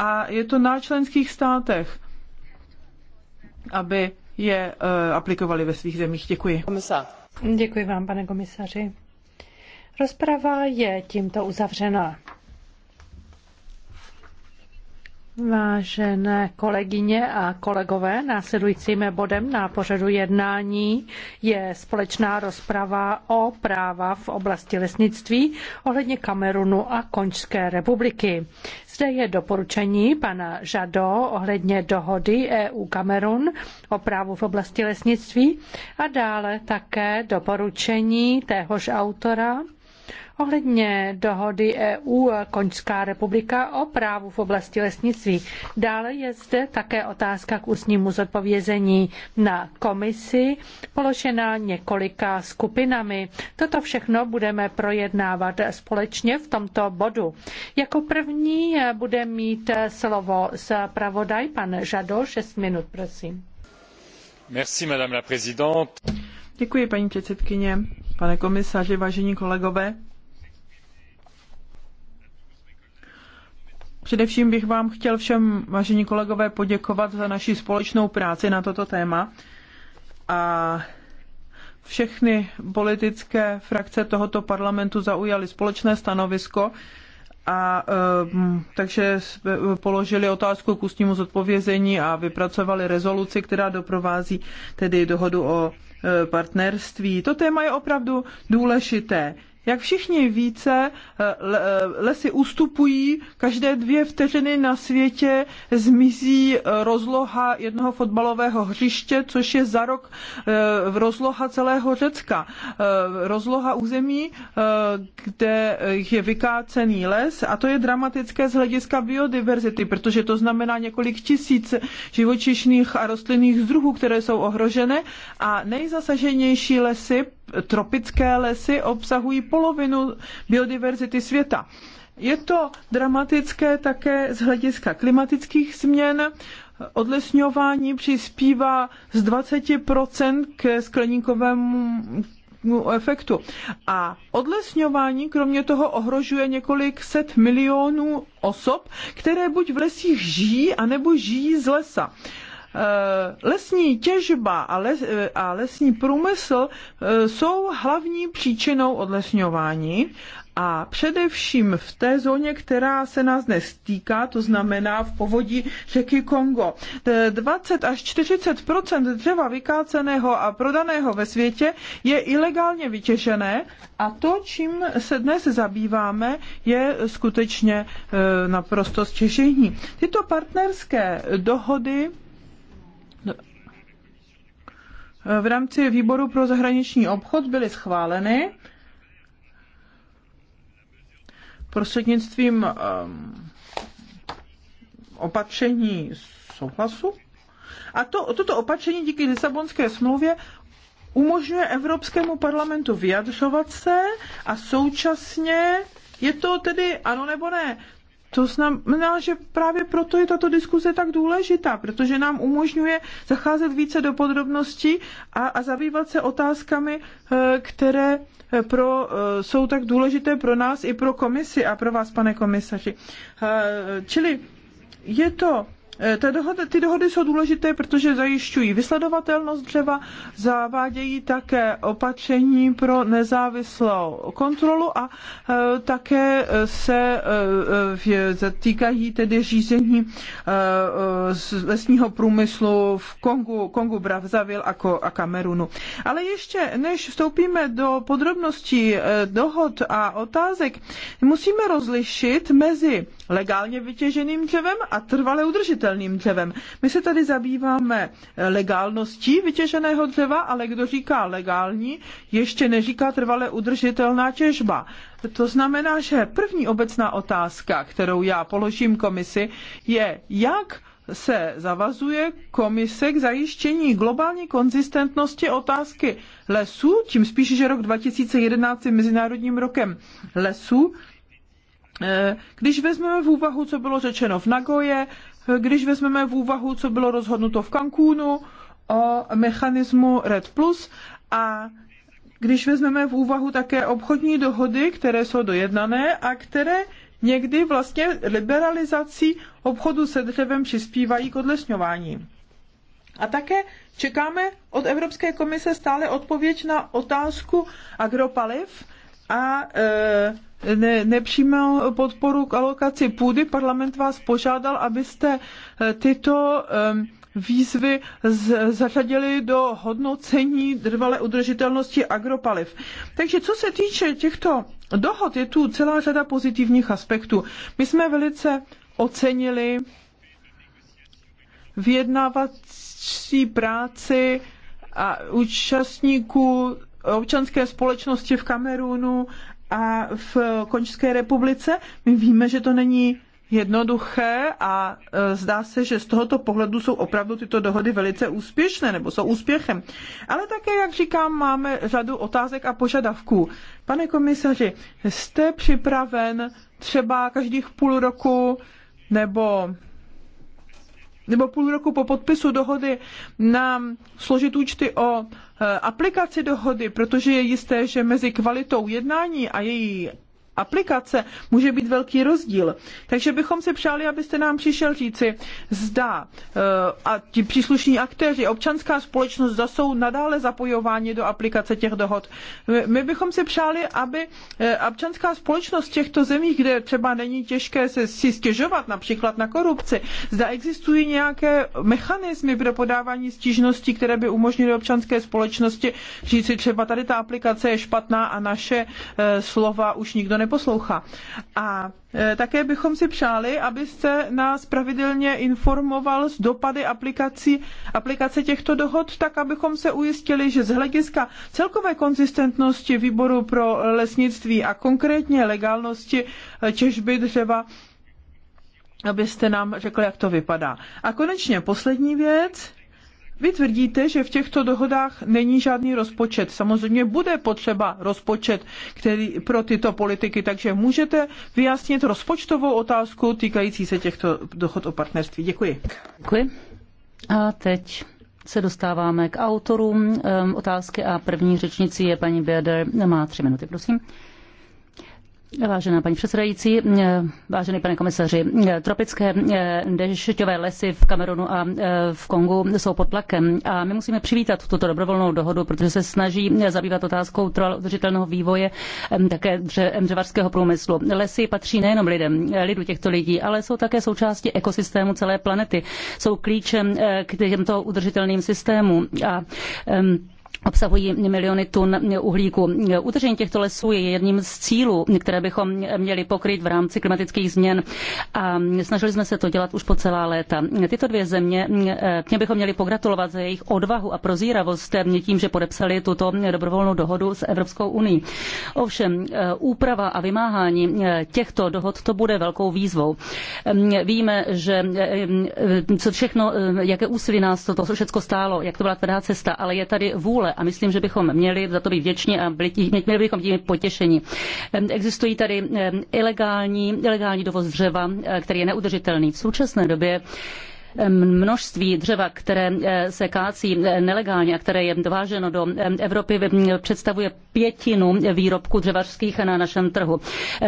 a je to na členských státech, aby je eh, aplikovali ve svých zemích. Děkuji. Komisar. Děkuji vám, pane komisaři. Rozprava je tímto uzavřena. Vážené kolegyně a kolegové, následujícím bodem na pořadu jednání je společná rozprava o práva v oblasti lesnictví ohledně Kamerunu a Končské republiky. Zde je doporučení pana Žado ohledně dohody EU Kamerun o právu v oblasti lesnictví a dále také doporučení téhož autora Ohledně dohody EU Koňská republika o právu v oblasti lesnictví. Dále je zde také otázka k ústnímu zodpovězení na komisi, položená několika skupinami. Toto všechno budeme projednávat společně v tomto bodu. Jako první bude mít slovo zpravodaj pan Žado, 6 minut, prosím. Merci, madame la Děkuji, paní předsedkyně, pane komisaři, vážení kolegové. Především bych vám chtěl všem, vážení kolegové, poděkovat za naši společnou práci na toto téma a všechny politické frakce tohoto parlamentu zaujaly společné stanovisko a ehm, takže položili otázku k ústnímu zodpovězení a vypracovali rezoluci, která doprovází tedy dohodu o e, partnerství. To téma je opravdu důležité. Jak všichni více, eh, eh, lesy ustupují, každé dvě vteřiny na světě zmizí eh, rozloha jednoho fotbalového hřiště, což je za rok rozloha celého Řecka. Rozloha území, kde je vykácený les a to je dramatické z hlediska biodiverzity, protože to znamená několik tisíc živočišných a rostlinných druhů, které jsou ohrožené a nejzasaženější lesy tropické lesy obsahují polovinu biodiverzity světa. Je to dramatické také z hlediska klimatických změn. Odlesňování přispívá z 20% k skleníkovému efektu. A odlesňování kromě toho ohrožuje několik set milionů osob, které buď v lesích žijí, anebo žijí z lesa. Eh, lesní těžba a, les, eh, a lesní průmysl eh, jsou hlavní příčinou odlesňování a především v té zóně, která se nás nestýká, to znamená v povodí řeky Kongo. 20 až 40 dřeva vykáceného a prodaného ve světě je ilegálně vytěžené a to, čím se dnes zabýváme, je skutečně naprosto stěžení. Tyto partnerské dohody v rámci výboru pro zahraniční obchod byly schváleny prostřednictvím um, opatření souhlasu. A to, toto opatření díky Lisabonské smlouvě umožňuje Evropskému parlamentu vyjadřovat se a současně je to tedy ano nebo ne. To znamená, že právě proto je tato diskuze tak důležitá, protože nám umožňuje zacházet více do podrobností a, a zabývat se otázkami, eh, které eh, pro, eh, jsou tak důležité pro nás i pro komisi a pro vás, pane komisaři. Čili je to Eh, ta dohoda, ty dohody jsou důležité, protože zajišťují vysledovatelnost dřeva, zavádějí také opatření pro nezávislou kontrolu a eh, také eh, se týkají tedy řízení lesního průmyslu v Kongu, Kongu Brazavil a Kamerunu. Ale ještě než vstoupíme do podrobností dohod a otázek, musíme rozlišit mezi legálně vytěženým dřevem a trvale udržitelným dřevem. My se tady zabýváme legálností vytěženého dřeva, ale kdo říká legální, ještě neříká trvale udržitelná těžba. To znamená, že první obecná otázka, kterou já položím komisi, je, jak se zavazuje komise k zajištění globální konzistentnosti otázky lesů, tím spíše, že rok 2011 je Mezinárodním rokem lesů, když vezmeme v úvahu, co bylo řečeno v Nagoje, když vezmeme v úvahu, co bylo rozhodnuto v Cancúnu o mechanismu Red Plus a když vezmeme v úvahu také obchodní dohody, které jsou dojednané a které někdy vlastně liberalizací obchodu se dřevem přispívají k odlesňování. A také čekáme od Evropské komise stále odpověď na otázku agropaliv, a e, ne, nepřímou podporu k alokaci půdy. Parlament vás požádal, abyste e, tyto e, výzvy z, zařadili do hodnocení trvalé udržitelnosti agropaliv. Takže co se týče těchto dohod, je tu celá řada pozitivních aspektů. My jsme velice ocenili vyjednávací práci a účastníků občanské společnosti v Kamerunu a v Končské republice. My víme, že to není jednoduché a e, zdá se, že z tohoto pohledu jsou opravdu tyto dohody velice úspěšné nebo jsou úspěchem. Ale také, jak říkám, máme řadu otázek a požadavků. Pane komisaři, jste připraven třeba každých půl roku nebo nebo půl roku po podpisu dohody na složit účty o e, aplikaci dohody, protože je jisté, že mezi kvalitou jednání a její aplikace může být velký rozdíl. Takže bychom si přáli, abyste nám přišel říci, zda eh, a ti příslušní aktéři, občanská společnost, zda jsou nadále zapojováni do aplikace těch dohod. My bychom si přáli, aby eh, občanská společnost v těchto zemích, kde třeba není těžké se si stěžovat například na korupci, zda existují nějaké mechanismy pro podávání stížností, které by umožnily občanské společnosti říci třeba tady ta aplikace je špatná a naše eh, slova už nikdo ne neposlouchá. A e, také bychom si přáli, abyste nás pravidelně informoval z dopady aplikací, aplikace těchto dohod, tak abychom se ujistili, že z hlediska celkové konzistentnosti výboru pro lesnictví a konkrétně legálnosti e, těžby dřeva, abyste nám řekl, jak to vypadá. A konečně poslední věc, vy tvrdíte, že v těchto dohodách není žádný rozpočet. Samozřejmě bude potřeba rozpočet který, pro tyto politiky, takže můžete vyjasnit rozpočtovou otázku týkající se těchto dohod o partnerství. Děkuji. Děkuji. A teď se dostáváme k autorům ehm, otázky a první řečnici je paní Běder. Má tři minuty, prosím. Vážená paní předsedající, eh, vážený pane komisaři, eh, tropické eh, dešťové lesy v Kamerunu a v Kongu jsou pod tlakem a my musíme přivítat tuto dobrovolnou dohodu, protože se snaží zabývat otázkou udržitelného vývoje také dřevařského průmyslu. Lesy patří nejenom lidem, lidu těchto lidí, ale jsou také součástí ekosystému celé planety. Jsou klíčem k těmto udržitelným systémům a obsahují miliony tun uhlíku. Udržení těchto lesů je jedním z cílů, které bychom měli pokryt v rámci klimatických změn a snažili jsme se to dělat už po celá léta. Tyto dvě země, eh, bychom měli pogratulovat za jejich odvahu a prozíravost eh, tím, že podepsali tuto dobrovolnou dohodu s Evropskou uní. Ovšem, eh, úprava a vymáhání těchto dohod to bude velkou výzvou. Víme, že co všechno, jaké úsilí nás toto všechno stálo, jak to byla tvrdá cesta, ale je tady vůle vůle a myslím, že bychom měli za to být vděční a měli bychom tím potěšení. Existují tady ilegální, ilegální dovoz dřeva, e, který je neudržitelný. V současné době množství dřeva, které e, se kácí e, nelegálně a které je dováženo do e, Evropy, představuje pětinu výrobků dřevařských na našem trhu.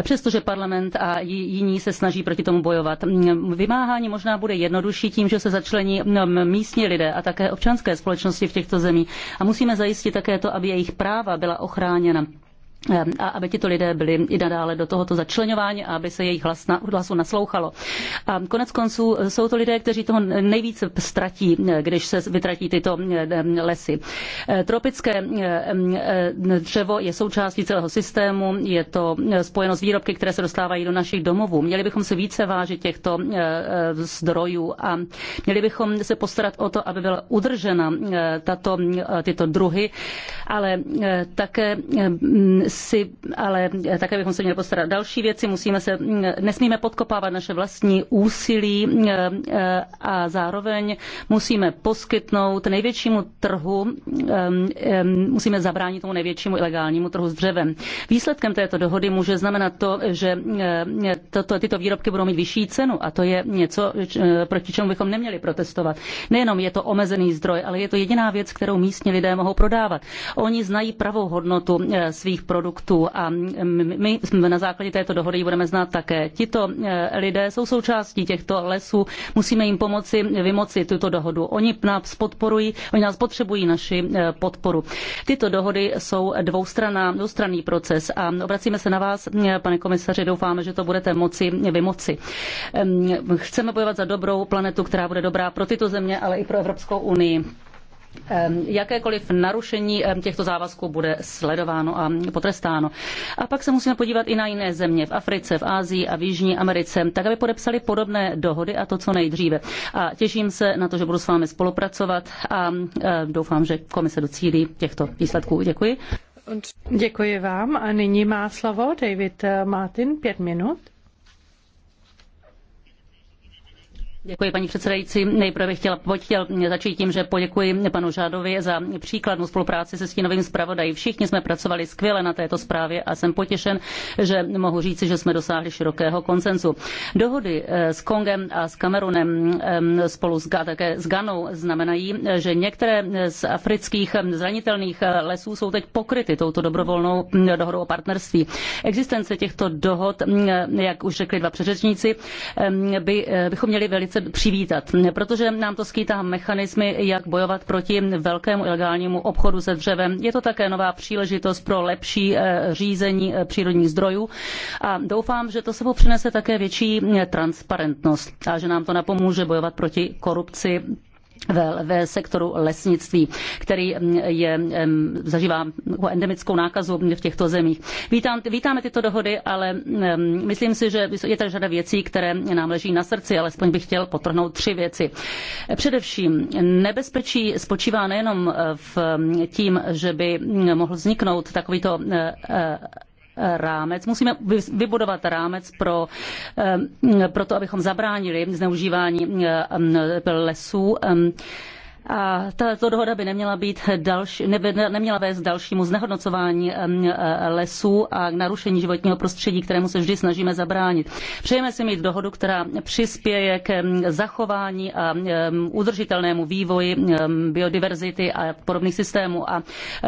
Přestože parlament a jiní se snaží proti tomu bojovat. Vymáhání možná bude jednodušší tím, že se začlení místní lidé a také občanské společnosti v těchto zemích. A musíme zajistit také to, aby jejich práva byla ochráněna Eh, a aby tito lidé byli i nadále do tohoto začlenování a aby se jejich hlas na, hlasu naslouchalo. A konec konců eh, jsou to lidé, kteří toho nejvíce ztratí, eh, když se vytratí tyto lesy. Tropické dřevo je součástí celého systému, je to spojeno s výrobky, které se dostávají do našich domovů. Měli bychom se více vážit těchto zdrojů a měli bychom se postarat o to, aby byla udržena tato, tyto druhy, ale také si, ale také bychom se měli postarat další věci. Musíme se, nesmíme podkopávat naše vlastní úsilí eh, a zároveň musíme poskytnout největšímu trhu, eh, eh, musíme zabránit tomu největšímu ilegálnímu trhu s dřevem. Výsledkem této dohody může znamenat to, že toto, tyto výrobky budou mít vyšší cenu a to je něco, proti čemu bychom neměli protestovat. Nejenom je to omezený zdroj, ale je to jediná věc, kterou místní lidé mohou prodávat. Oni znají pravou hodnotu svých produktů produktů a my na základě této dohody ji budeme znát také. Tito eh, lidé jsou součástí těchto lesů, musíme jim pomoci vymoci tuto dohodu. Oni nás podporují, oni nás potřebují naši eh, podporu. Tyto dohody jsou dvoustranná, dvoustranný proces a obracíme se na vás, eh, pane komisaři, doufáme, že to budete moci vymoci. Chceme bojovat za dobrou planetu, která bude dobrá pro tyto země, ale i pro Evropskou unii jakékoliv narušení těchto závazků bude sledováno a potrestáno. A pak se musíme podívat i na jiné země v Africe, v Ázii a v Jižní Americe, tak aby podepsali podobné dohody a to co nejdříve. A těším se na to, že budu s vámi spolupracovat a doufám, že komise docílí těchto výsledků. Děkuji. Děkuji vám a nyní má slovo David eh, Martin, pět minut. Děkuji, paní předsedající. Nejprve bych chtěla, chtěl začít tím, že poděkuji panu Žádovi za příkladnou spolupráci se stínovým zpravodají. Všichni jsme pracovali skvěle na této zprávě a jsem potěšen, že mohu říci, že jsme dosáhli širokého konsenzu. Dohody eh, s Kongem a s Kamerunem eh, spolu s, také s Ganou znamenají, že některé z afrických eh, zranitelných lesů jsou teď pokryty touto dobrovolnou dohodou o partnerství. Existence těchto dohod, jak už řekli dva předřečníci, by, bychom měli velice velice přivítat, protože nám to skýtá mechanismy, jak bojovat proti velkému ilegálnímu obchodu se dřevem. Je to také nová příležitost pro lepší eh, řízení eh, přírodních zdrojů a doufám, že to sebou přinese také větší eh, transparentnost a že nám to napomůže bojovat proti korupci ve, ve sektoru lesnictví, který mm, je, mm, zažívá endemickou nákazu v těchto zemích. Vítám, vítáme tyto dohody, ale mm, myslím si, že je tady řada věcí, které nám leží na srdci, alespoň bych chtěl potrhnout tři věci. Především nebezpečí spočívá nejenom v tím, že by mohl vzniknout takovýto eh, eh, rámec, musíme vybudovat rámec pro, eh, pro to, abychom zabránili zneužívání eh, lesů a tato dohoda by neměla, být další, neby, neměla vést dalšímu znehodnocování e, lesů a k narušení životního prostředí, kterému se vždy snažíme zabránit. Přejeme si mít dohodu, která přispěje k zachování a udržitelnému vývoji biodiverzity a podobných systémů. A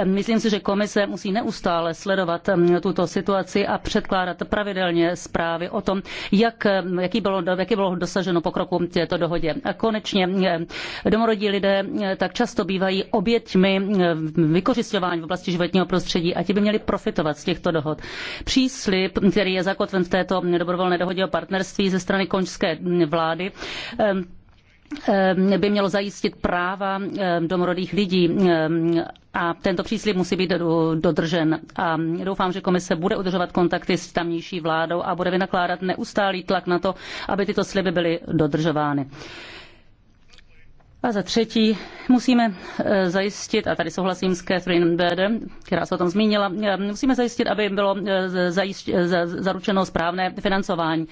myslím si, že komise musí neustále sledovat tuto situaci a předkládat pravidelně zprávy o tom, jak, jaký bylo, jaký bylo dosaženo pokroku v této dohodě. A konečně domorodí lidé tak často bývají oběťmi eh, vykořišťování v oblasti životního prostředí a ti by měli profitovat z těchto dohod. Příslip, který je zakotven v této dobrovolné dohodě o partnerství ze strany končské vlády, eh, eh, by mělo zajistit práva domorodých lidí a tento příslip musí být dodržen. A doufám, že komise bude udržovat kontakty s tamnější vládou a bude vynakládat neustálý tlak na to, aby tyto sliby byly dodržovány. A za třetí musíme e, zajistit, a tady souhlasím s Catherine Bader, která se o tom zmínila, e, musíme zajistit, aby bylo e, zajišť, zaručeno správné financování.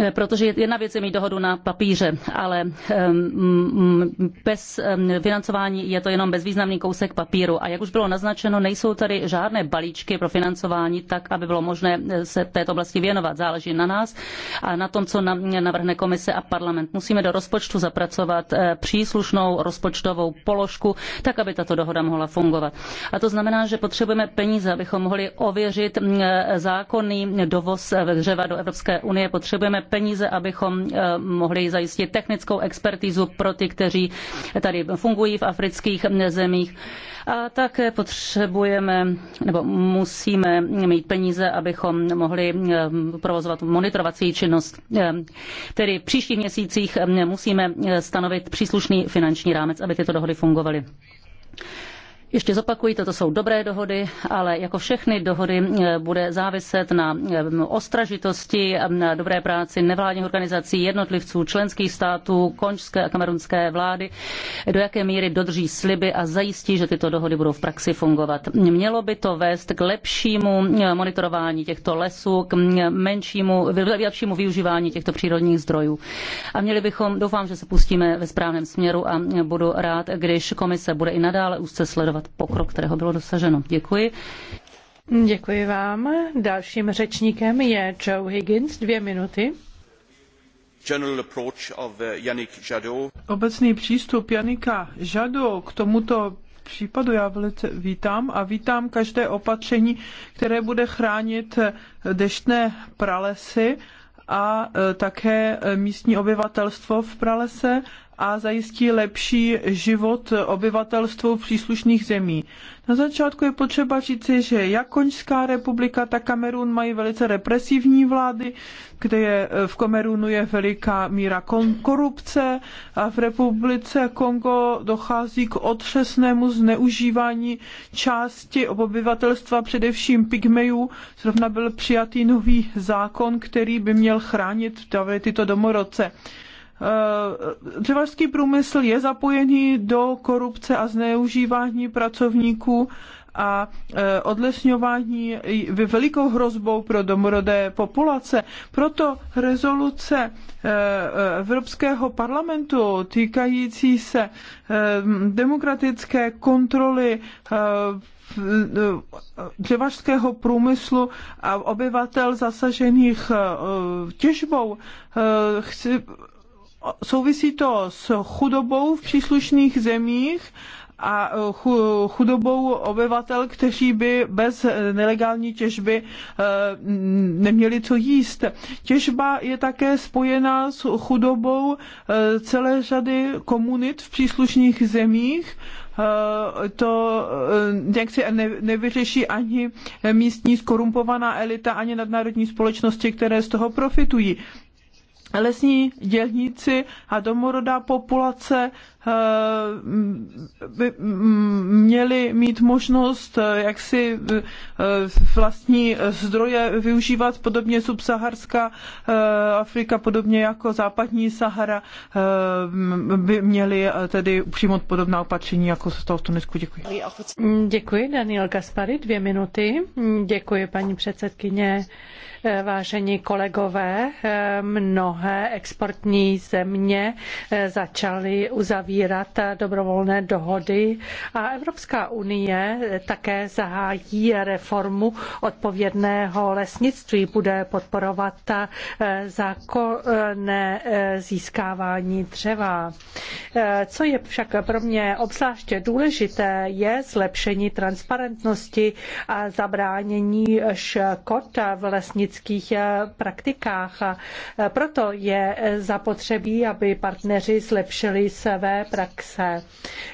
Eh, protože jedna věc je mít dohodu na papíře, ale ehm, bez ehm, financování je to jenom bezvýznamný kousek papíru. A jak už bylo naznačeno, nejsou tady žádné balíčky pro financování tak, aby bylo možné eh, se této oblasti věnovat. Záleží na nás a na tom, co nám navrhne komise a parlament. Musíme do rozpočtu zapracovat eh, příslušnou rozpočtovou položku, tak, aby tato dohoda mohla fungovat. A to znamená, že potřebujeme peníze, abychom mohli ověřit mm, zákonný dovoz dřeva do Evropské unie. Potřebujeme potřebujeme peníze, abychom eh, mohli zajistit technickou expertizu pro ty, kteří tady fungují v afrických zemích. A také potřebujeme nebo musíme mít peníze, abychom mohli eh, provozovat monitorovací činnost. Eh, tedy v příštích měsících musíme stanovit příslušný finanční rámec, aby tyto dohody fungovaly. Ještě zopakuji, toto jsou dobré dohody, ale jako všechny dohody eh, bude záviset na eh, ostražitosti, eh, na dobré práci nevládních organizací, jednotlivců, členských států, končské a kamerunské vlády, do jaké míry dodrží sliby a zajistí, že tyto dohody budou v praxi fungovat. Mělo by to vést k lepšímu monitorování těchto lesů, k menšímu, lepšímu využívání těchto přírodních zdrojů. A měli bychom, doufám, že se pustíme ve správném směru a budu rád, když komise bude i nadále úzce sledovat pokrok, kterého bylo dosaženo. Děkuji. Děkuji vám. Dalším řečníkem je Joe Higgins, dvě minuty. Uh, Obecný přístup Janika Žadu k tomuto případu já velice vítám a vítám každé opatření, které bude chránit eh, deštné pralesy a eh, také eh, místní obyvatelstvo v pralese a zajistí lepší život obyvatelstvu příslušných zemí. Na začátku je potřeba říci, že jak Koňská republika, tak Kamerun mají velice represivní vlády, kde je, v Kamerunu je veliká míra korupce a v republice Kongo dochází k otřesnému zneužívání části obyvatelstva, především pygmejů. Zrovna byl přijatý nový zákon, který by měl chránit tyto domorodce. Eh, dřevařský průmysl je zapojený do korupce a zneužívání pracovníků a eh, odlesňování je velikou hrozbou pro domorodé populace. Proto rezoluce eh, Evropského parlamentu týkající se demokratické kontroly dřevařského průmyslu a obyvatel zasažených těžbou. Chci souvisí to s chudobou v příslušných zemích a chudobou obyvatel, kteří by bez nelegální těžby eh, neměli co jíst. Těžba je také spojena s chudobou eh, celé řady komunit v příslušných zemích, eh, to jak si nevyřeší ani místní skorumpovaná elita, ani nadnárodní společnosti, které z toho profitují lesní dělníci a domorodá populace Eh, by mm, měli mít možnost eh, jak si eh, vlastní zdroje využívat, podobně subsaharská Afrika, podobně jako západní Sahara, by měli tedy přijmout podobná opatření jako se toho v Tunisku. Děkuji. Mm, děkuji, Daniel Kaspary, dvě minuty. Mm, děkuji, paní předsedkyně. Vážení kolegové, mnohé exportní země začaly uzavírat uzavírat dobrovolné dohody a Evropská unie také zahájí reformu odpovědného lesnictví, bude podporovat eh, zákonné eh, získávání dřeva. Eh, co je však pro mě obzvláště důležité, je zlepšení transparentnosti a zabránění škod v lesnických praktikách. Proto je zapotřebí, aby partneři zlepšili své praxe.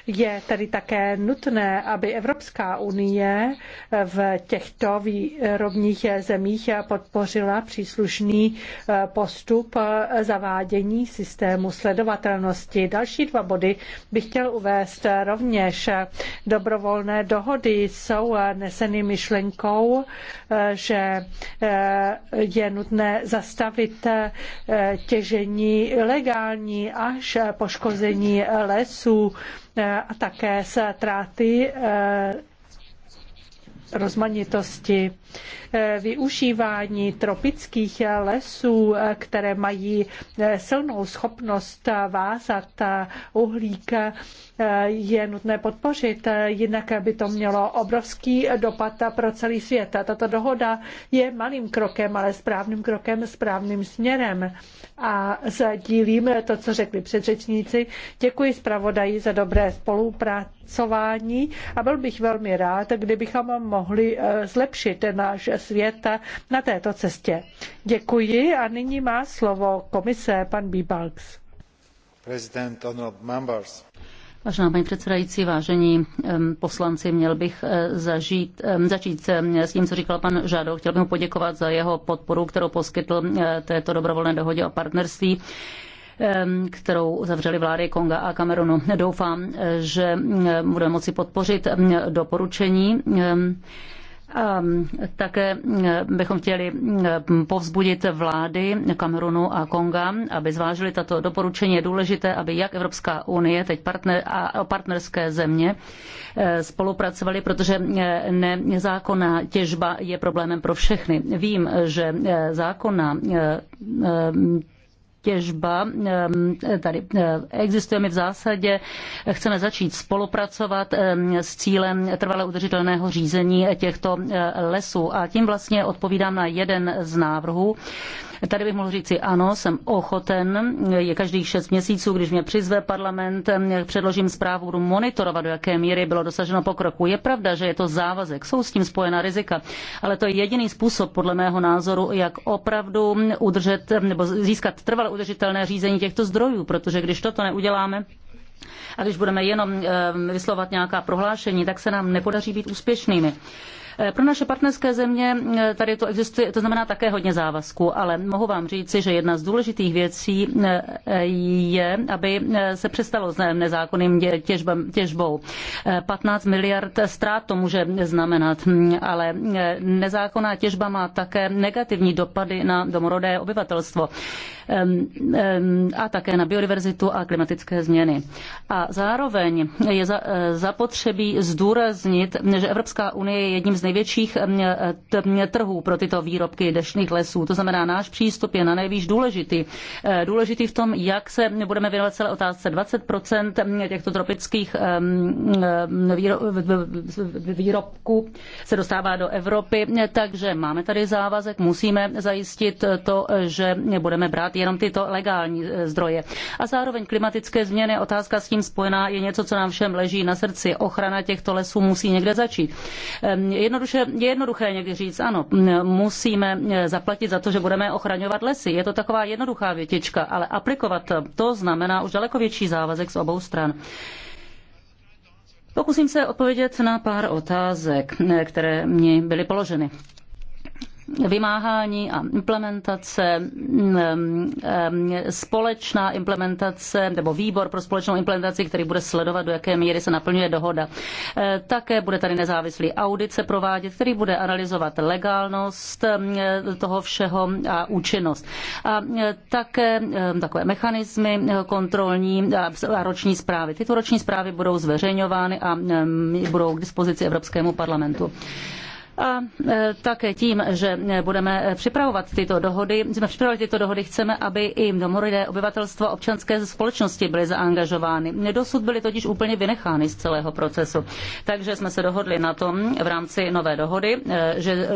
Je tedy také nutné, aby Evropská unie v těchto výrobních zemích podpořila příslušný eh, postup eh, zavádění systému sledovatelnosti. Další dva body bych chtěl uvést rovněž. Dobrovolné dohody jsou eh, neseny myšlenkou, že je nutné zastavit těžení legální až poškození lesů eh, a také ztráty eh, rozmanitosti Eh, využívání tropických lesů, eh, které mají eh, silnou schopnost vázat uhlík, je nutné podpořit, jinak by to mělo obrovský dopad pro celý svět. Tato dohoda je malým krokem, ale správným krokem, správným směrem. A sdílím to, co řekli předřečníci. Děkuji zpravodaji za dobré spolupracování. a byl bych velmi rád, kdybychom mohli zlepšit náš svět na této cestě. Děkuji a nyní má slovo komise pan Bibalks. President, members. Vážená paní předsedající, vážení poslanci, měl bych eh, zažít, začít s tím, co říkal pan Žádov. Chtěl bych mu poděkovat za jeho podporu, kterou poskytl eh, této dobrovolné dohodě o partnerství kterou zavřeli vlády Konga a Kamerunu. Doufám, eh, že budeme moci podpořit doporučení Ehm, také eh, bychom chtěli eh, povzbudit vlády Kamerunu a Konga, aby zvážili tato doporučení. Je důležité, aby jak Evropská unie, teď partner a partnerské země eh, spolupracovali, protože nezákonná těžba je problémem pro všechny. Vím, že zákonná těžba. Tady existujeme v zásadě, chceme začít spolupracovat s cílem trvale udržitelného řízení těchto eh, lesů. A tím vlastně odpovídám na jeden z návrhů Tady bych mohl říci ano, jsem ochoten, je každých šest měsíců, když mě přizve parlament, předložím zprávu, budu monitorovat, do jaké míry bylo dosaženo pokroku. Je pravda, že je to závazek, jsou s tím spojena rizika, ale to je jediný způsob, podle mého názoru, jak opravdu udržet nebo získat trvalé udržitelné řízení těchto zdrojů, protože když toto neuděláme, a když budeme jenom eh, vyslovat nějaká prohlášení, tak se nám nepodaří být úspěšnými. Eh, pro naše partnerské země eh, tady to existuje, to znamená také hodně závazků, ale mohu vám říci, že jedna z důležitých věcí eh, je, aby se přestalo s nezákonným těžbou. 15 miliard ztrát to může znamenat, hm, ale nezákonná těžba má také negativní dopady na domorodé obyvatelstvo a také na biodiverzitu a klimatické změny. A zároveň je e, zapotřebí zdůraznit, že Evropská unie je jedním z největších e, e, trhů pro tyto výrobky dešných lesů. To znamená, náš přístup je na nejvíc důležitý. Důležitý v tom, jak se budeme věnovat celé otázce 20 těchto tropických výrobků se dostává do Evropy, takže máme tady závazek, musíme zajistit to, že budeme brát jenom tyto legální e, zdroje. A zároveň klimatické změny, otázka s tím spojená, je něco, co nám všem leží na srdci. Ochrana těchto lesů musí někde začít. Jednoduše, je jednoduché někdy říct, ano, musíme e, zaplatit za to, že budeme ochraňovat lesy. Je to taková jednoduchá větička, ale aplikovat to znamená už daleko větší závazek z obou stran. Pokusím se odpovědět na pár otázek, e, které mi byly položeny vymáhání a implementace, mm, mm, mm, společná implementace nebo výbor pro společnou implementaci, který bude sledovat, do jaké míry se naplňuje dohoda. Eh, také bude tady nezávislý audit se provádět, který bude analyzovat legálnost eh, toho všeho a účinnost. A eh, také takové mechanismy kontrolní a roční zprávy. Tyto roční zprávy budou zveřejňovány a budou k dispozici Evropskému parlamentu a e, také tím, že budeme připravovat tyto dohody, jsme připravili tyto dohody, chceme, aby i domorodé obyvatelstvo občanské společnosti byly zaangažovány. Dosud byly totiž úplně vynechány z celého procesu. Takže jsme se dohodli na tom v rámci nové dohody, e, že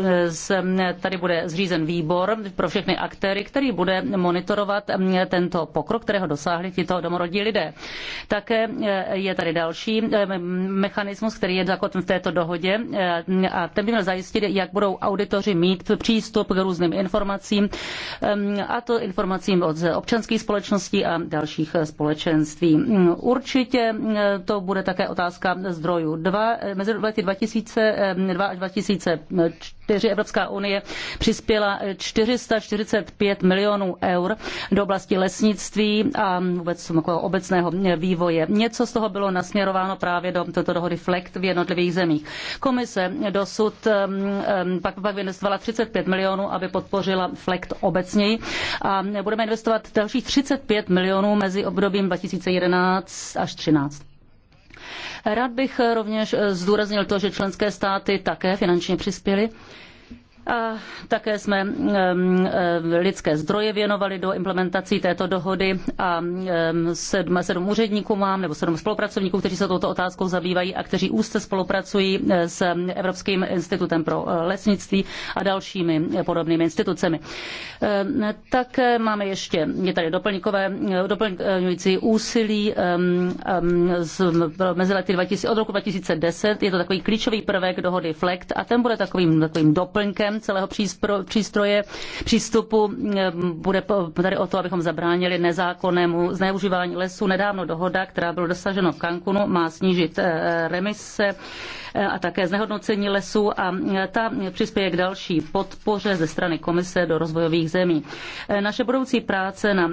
e, tady bude zřízen výbor pro všechny aktéry, který bude monitorovat tento pokrok, kterého dosáhli tito domorodí lidé. Také je tady další mechanismus, který je zakotven v této dohodě a ten by měl zajistit, jak budou auditoři mít přístup k různým informacím, a to informacím od občanských společností a dalších společenství. Určitě to bude také otázka zdrojů. Dva, mezi lety 2002 až 2004 Evropská unie přispěla 445 milionů eur do oblasti lesnictví a vůbec obecného vývoje. Něco z toho bylo nasměrováno právě do této dohody FLECT v jednotlivých zemích. Komise dosud Um, um, pak, pak investovala 35 milionů, aby podpořila FLECT obecněji. A budeme investovat dalších 35 milionů mezi obdobím 2011 až 2013. Rád bych rovněž zdůraznil to, že členské státy také finančně přispěly a také jsme lidské zdroje věnovali do implementací této dohody a sedm, sedm úředníků mám, nebo sedm spolupracovníků, kteří se touto otázkou zabývají a kteří úzce spolupracují eh, s Evropským institutem pro eh, lesnictví a dalšími eh, podobnými institucemi. Tak máme ještě, je tady doplňkové, doplňující úsilí z, mezi lety 2000, od roku 2010. Je to takový klíčový prvek dohody FLECT a ten bude takovým, takovým doplňkem celého přístroje, přístupu eh, bude tady o to, abychom zabránili nezákonnému zneužívání lesů. Nedávno dohoda, která byla dosažena v Cancunu, má snížit eh, remise eh, a také znehodnocení lesů a ta přispěje k další podpoře ze strany komise do rozvojových zemí. Naše budoucí práce na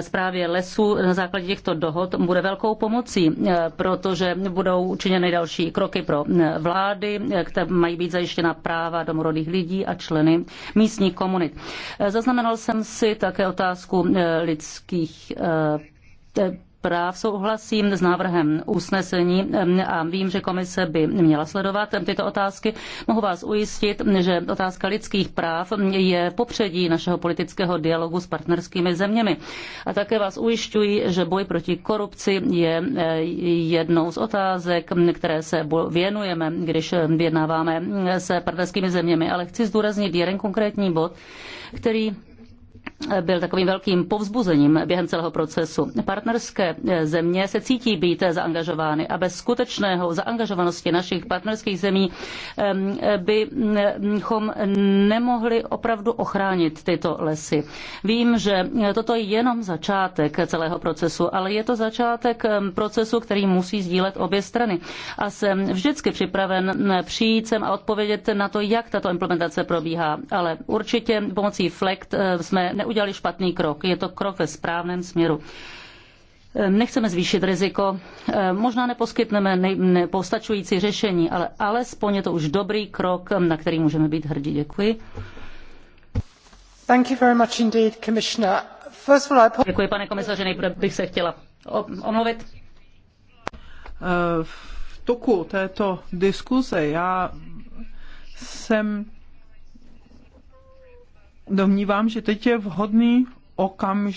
zprávě lesů na základě těchto dohod bude velkou pomocí, protože budou učiněny další kroky pro vlády, které mají být zajištěna práva domorodých lidí lidí a členy místních komunit. Eh, zaznamenal jsem si také otázku eh, lidských eh, práv souhlasím s návrhem usnesení a vím, že komise by měla sledovat tyto otázky. Mohu vás ujistit, že otázka lidských práv je v popředí našeho politického dialogu s partnerskými zeměmi. A také vás ujišťuji, že boj proti korupci je eh, jednou z otázek, které se věnujeme, když eh, vyjednáváme eh, se partnerskými zeměmi. Ale chci zdůraznit jeden konkrétní bod, který byl takovým velkým povzbuzením během celého procesu. Partnerské eh, země se cítí být eh, zaangažovány a bez skutečného zaangažovanosti našich partnerských zemí bychom mm, nemohli opravdu ochránit tyto lesy. Vím, že eh, toto je jenom začátek celého procesu, ale je to začátek procesu, který musí sdílet obě strany. A jsem vždycky připraven mm, přijít sem a odpovědět na to, jak tato implementace probíhá. Ale určitě pomocí FLECT jsme neudělali špatný krok. Je to krok ve správném směru. Ehm, nechceme zvýšit riziko, ehm, možná neposkytneme nepostačující řešení, ale alespoň je to už dobrý krok, ehm, na který můžeme být hrdí. Děkuji. Thank you very much indeed, Commissioner. First of all, I... Děkuji, pane komisaři, nejprve bych se chtěla omluvit. V toku této diskuze já jsem domnívám, že teď je vhodný okamžik,